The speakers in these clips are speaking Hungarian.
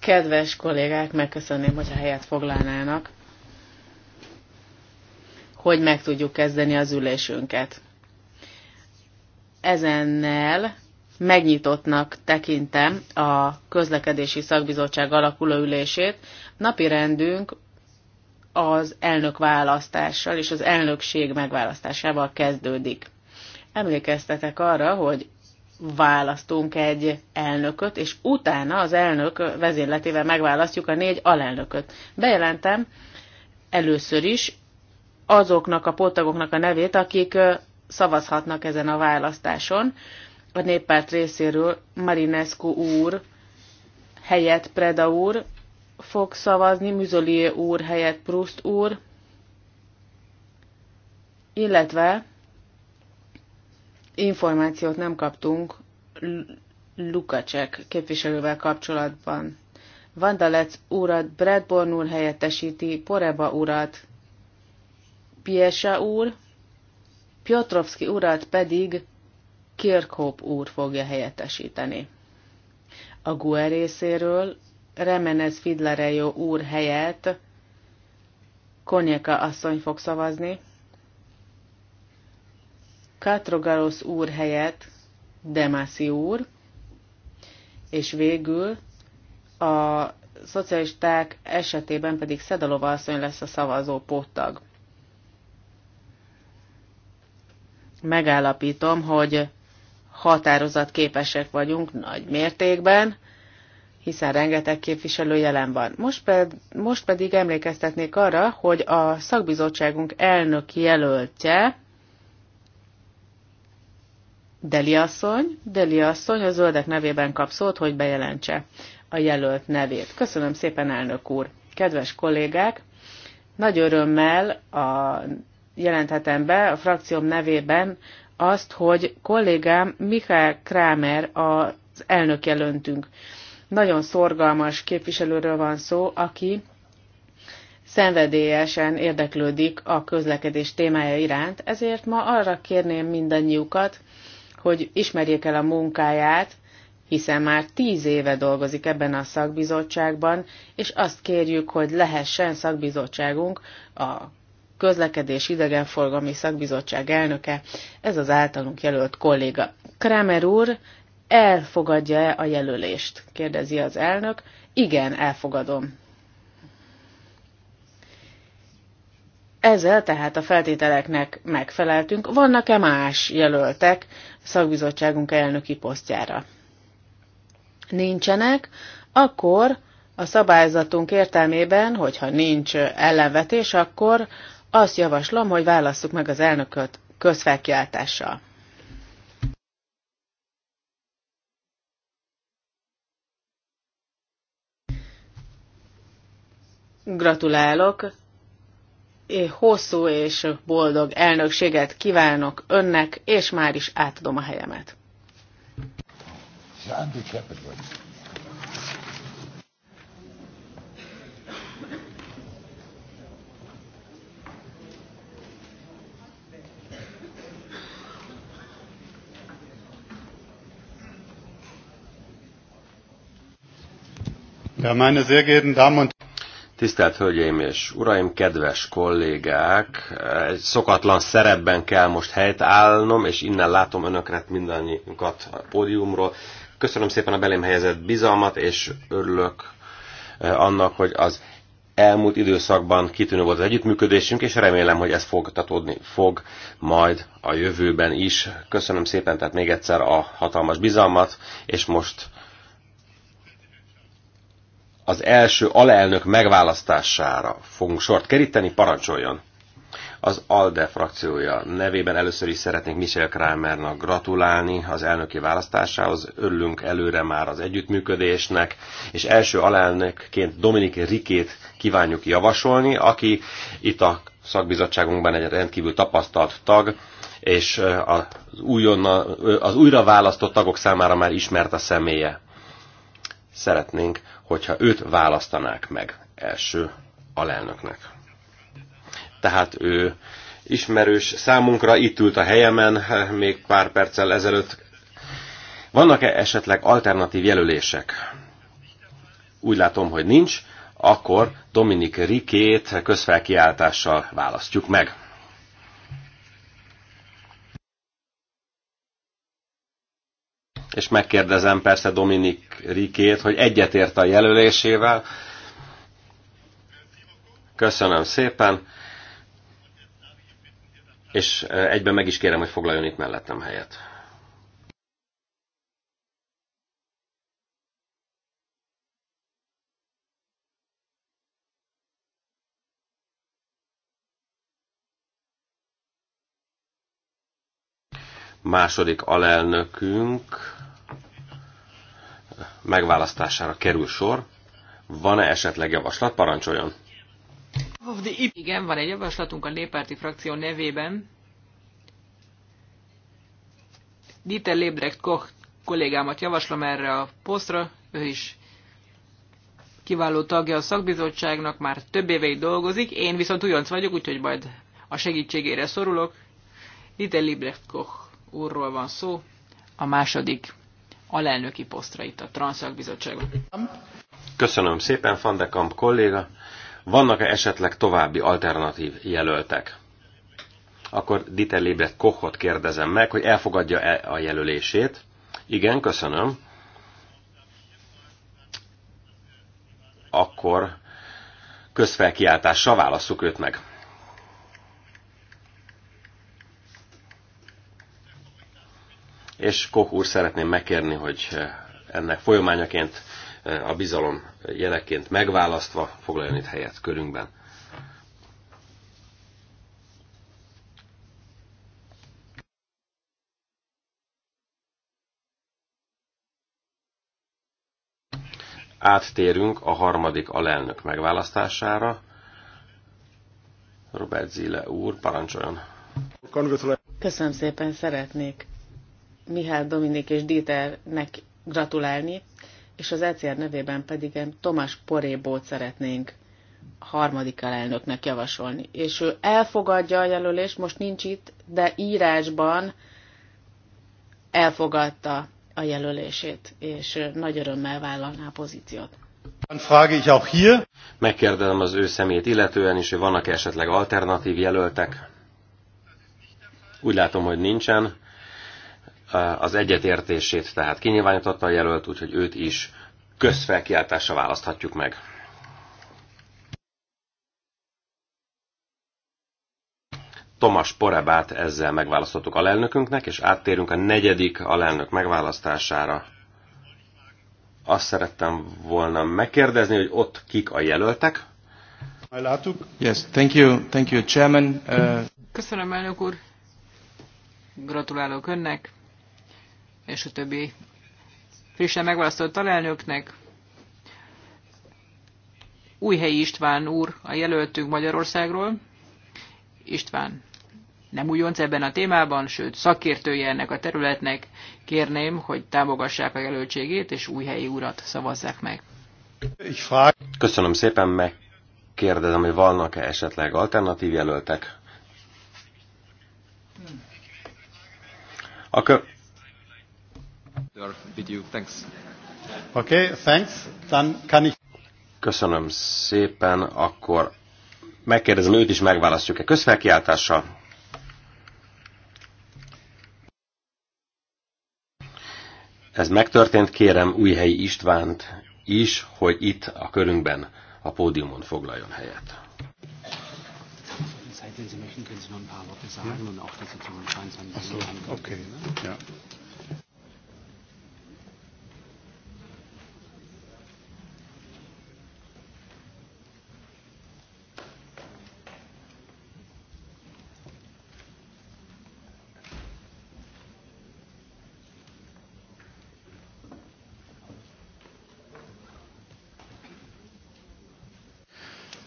Kedves kollégák, megköszönném, hogy a helyet foglalnának, hogy meg tudjuk kezdeni az ülésünket. Ezennel megnyitottnak tekintem a közlekedési szakbizottság alakuló ülését. Napi rendünk az elnök választással és az elnökség megválasztásával kezdődik. Emlékeztetek arra, hogy választunk egy elnököt, és utána az elnök vezérletével megválasztjuk a négy alelnököt. Bejelentem először is azoknak a pótagoknak a nevét, akik szavazhatnak ezen a választáson. A néppárt részéről Marinescu úr helyett Preda úr fog szavazni, Müzolié úr helyett Prust úr, illetve információt nem kaptunk Lukacsek képviselővel kapcsolatban. Vandalec urat Bradborn úr helyettesíti, Poreba urat Piesa úr, Piotrowski urat pedig Kirkhope úr fogja helyettesíteni. A GUE részéről Remenez Fidlerejo úr helyett Konyeka asszony fog szavazni, Katrogarosz úr helyett Demászi úr, és végül a szocialisták esetében pedig Szedalova asszony lesz a szavazó póttag. Megállapítom, hogy határozat képesek vagyunk nagy mértékben, hiszen rengeteg képviselő jelen van. Most, ped, most pedig emlékeztetnék arra, hogy a szakbizottságunk elnök jelöltje Deli asszony, Deli asszony a zöldek nevében kap szót, hogy bejelentse a jelölt nevét. Köszönöm szépen, elnök úr! Kedves kollégák, nagy örömmel a, jelenthetem be a frakcióm nevében azt, hogy kollégám Michael Kramer az elnök jelöntünk. Nagyon szorgalmas képviselőről van szó, aki szenvedélyesen érdeklődik a közlekedés témája iránt, ezért ma arra kérném mindannyiukat, hogy ismerjék el a munkáját, hiszen már tíz éve dolgozik ebben a szakbizottságban, és azt kérjük, hogy lehessen szakbizottságunk a közlekedés idegenforgalmi szakbizottság elnöke, ez az általunk jelölt kolléga. Kramer úr, elfogadja-e a jelölést? kérdezi az elnök. Igen, elfogadom. Ezzel tehát a feltételeknek megfeleltünk. Vannak-e más jelöltek szakbizottságunk elnöki posztjára? Nincsenek, akkor a szabályzatunk értelmében, hogyha nincs ellenvetés, akkor azt javaslom, hogy válasszuk meg az elnököt közfelkiáltással. Gratulálok hosszú és boldog elnökséget kívánok önnek, és már is átadom a helyemet. Ja, meine sehr geehrten Damen und Tisztelt Hölgyeim és Uraim, kedves kollégák! Egy szokatlan szerepben kell most helyt állnom, és innen látom önöket mindannyiunkat a pódiumról. Köszönöm szépen a belém helyezett bizalmat, és örülök eh, annak, hogy az elmúlt időszakban kitűnő volt az együttműködésünk, és remélem, hogy ez folytatódni fog majd a jövőben is. Köszönöm szépen tehát még egyszer a hatalmas bizalmat, és most az első alelnök megválasztására fogunk sort keríteni, parancsoljon! Az ALDE frakciója nevében először is szeretnék Michel Kramernak gratulálni az elnöki választásához. Örülünk előre már az együttműködésnek, és első alelnökként Dominik Rikét kívánjuk javasolni, aki itt a szakbizottságunkban egy rendkívül tapasztalt tag, és az, újonna, az újra választott tagok számára már ismert a személye szeretnénk, hogyha őt választanák meg első alelnöknek. Tehát ő ismerős számunkra, itt ült a helyemen még pár perccel ezelőtt. Vannak-e esetleg alternatív jelölések? Úgy látom, hogy nincs, akkor Dominik Rikét közfelkiáltással választjuk meg. és megkérdezem persze Dominik Rikét, hogy egyetért a jelölésével. Köszönöm szépen, és egyben meg is kérem, hogy foglaljon itt mellettem helyet. Második alelnökünk megválasztására kerül sor. Van-e esetleg javaslat? Parancsoljon! Igen, van egy javaslatunk a néppárti frakció nevében. Dieter Lébrecht Koch kollégámat javaslom erre a posztra, ő is kiváló tagja a szakbizottságnak, már több évei dolgozik, én viszont újonc vagyok, úgyhogy majd a segítségére szorulok. Dieter Lébrecht Koch úrról van szó, a második alelnöki posztra itt a Transzakbizottságon. Köszönöm szépen, Fandekamp kolléga. Vannak-e esetleg további alternatív jelöltek? Akkor Dieter Lébret Kochot kérdezem meg, hogy elfogadja-e a jelölését. Igen, köszönöm. Akkor közfelkiáltással válasszuk őt meg. és Koch úr szeretném megkérni, hogy eh, ennek folyamányaként eh, a bizalom jeleként megválasztva foglaljon itt helyet körünkben. áttérünk a harmadik alelnök megválasztására. Robert Zile úr, parancsoljon! Köszönöm szépen, szeretnék Mihály Dominik és Dieternek gratulálni, és az ECR nevében pedig Tomás Porébót szeretnénk harmadik elnöknek javasolni. És ő elfogadja a jelölést, most nincs itt, de írásban elfogadta a jelölését, és nagy örömmel vállalná a pozíciót. Megkérdezem az ő szemét illetően is, hogy vannak -e esetleg alternatív jelöltek. Úgy látom, hogy nincsen az egyetértését tehát kinyilvánította a jelölt, úgyhogy őt is közfelkiáltásra választhatjuk meg. Tomas Porebát ezzel megválasztottuk alelnökünknek, és áttérünk a negyedik alelnök megválasztására. Azt szerettem volna megkérdezni, hogy ott kik a jelöltek. Látuk. Yes, thank you, thank you, Chairman. Uh... Köszönöm, elnök úr. Gratulálok önnek és a többi frissen megválasztott alelnöknek. Újhelyi István úr a jelöltünk Magyarországról. István nem újonc ebben a témában, sőt szakértője ennek a területnek, kérném, hogy támogassák a jelöltségét, és új helyi urat szavazzák meg. Köszönöm szépen, megkérdezem, hogy vannak-e esetleg alternatív jelöltek? A kö with you. Thanks. Okay, thanks. Dann kann ich... Köszönöm szépen, akkor megkérdezem őt is, megválasztjuk-e közfelkiáltással? Ez megtörtént, kérem Újhelyi Istvánt is, hogy itt a körünkben a pódiumon foglaljon helyet. ja. okay. Ja.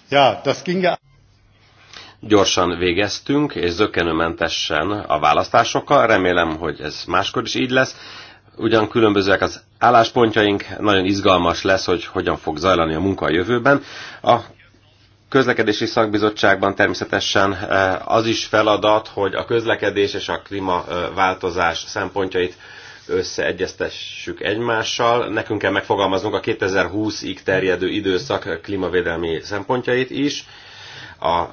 Ja, das ginge... Gyorsan végeztünk, és zökkenőmentesen a választásokkal. Remélem, hogy ez máskor is így lesz. Ugyan különbözőek az álláspontjaink, nagyon izgalmas lesz, hogy hogyan fog zajlani a munka a jövőben. A közlekedési szakbizottságban természetesen eh, az is feladat, hogy a közlekedés és a klímaváltozás szempontjait összeegyeztessük egymással. Nekünk kell megfogalmaznunk a 2020-ig terjedő időszak klímavédelmi szempontjait is. A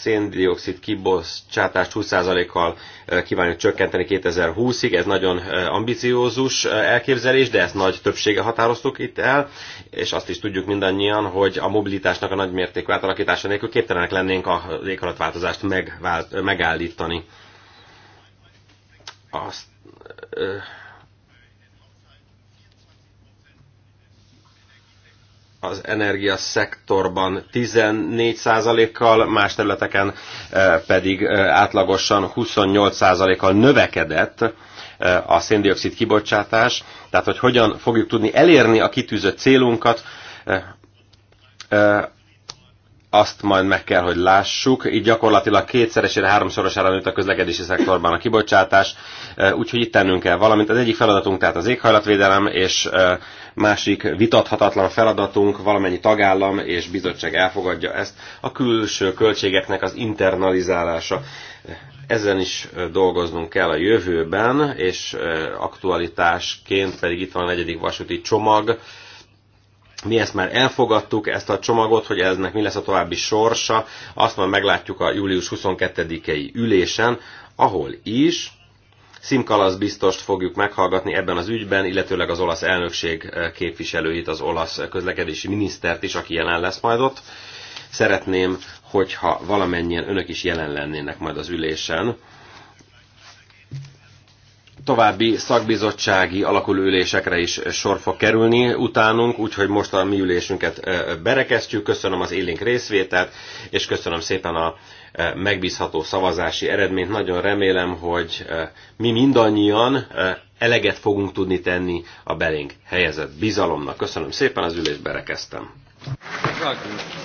széndiokszid kibocsátást 20%-kal eh, kívánjuk csökkenteni 2020-ig. Ez nagyon eh, ambiciózus eh, elképzelés, de ezt nagy többsége határoztuk itt el, és azt is tudjuk mindannyian, hogy a mobilitásnak a nagy mértékű átalakítása nélkül képtelenek lennénk a léghalatváltozást megállítani azt ö, az energiaszektorban 14%-kal, más területeken pedig átlagosan 28%-kal növekedett a széndiokszid kibocsátás, tehát hogy hogyan fogjuk tudni elérni a kitűzött célunkat, azt majd meg kell, hogy lássuk. Így gyakorlatilag kétszeresére, háromszorosára nőtt a közlekedési szektorban a kibocsátás, e, úgyhogy itt tennünk kell valamint. Az egyik feladatunk tehát az éghajlatvédelem, és e, másik vitathatatlan feladatunk, valamennyi tagállam és bizottság elfogadja ezt, a külső költségeknek az internalizálása. Ezen is e, dolgoznunk kell a jövőben, és aktualitásként pedig itt van a negyedik vasúti csomag, mi ezt már elfogadtuk, ezt a csomagot, hogy eznek mi lesz a további sorsa, azt már meglátjuk a július 22-i ülésen, ahol is Szimkalasz biztost fogjuk meghallgatni ebben az ügyben, illetőleg az olasz elnökség eh, képviselőit, az olasz közlekedési minisztert is, aki jelen lesz majd ott. Szeretném, hogyha valamennyien önök is jelen lennének majd az ülésen további szakbizottsági alakuló ülésekre is sor fog kerülni utánunk, úgyhogy most a mi ülésünket berekeztjük. Köszönöm az élénk részvételt, és köszönöm szépen a megbízható szavazási eredményt. Nagyon remélem, hogy mi mindannyian eleget fogunk tudni tenni a belénk helyezett bizalomnak. Köszönöm szépen, az ülést berekeztem. Köszönöm.